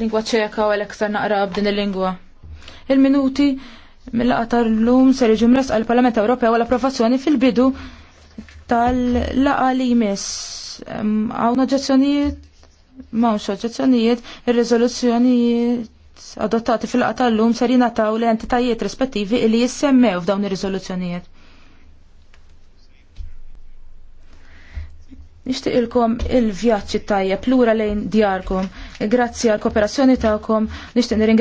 lingwa ċeka u l-ektar naqra b'din il-lingwa. Il-minuti mill-qatar l-lum ser iġu għal-Parlament Ewropew għal-approvazzjoni fil-bidu tal-laqa li jmiss. Għawna oġġezzjonijiet, mawx oġġezzjonijiet, il-rizoluzzjonijiet adottati fil qatar l lum ser jinataw l entitajiet rispettivi li jissemmew f'dawn ir-rizoluzzjonijiet. Nishtiqilkom il-vjaċċi tajjeb lura lejn djarkom. Grazzi għal kooperazzjoni tagħkom, nixtieq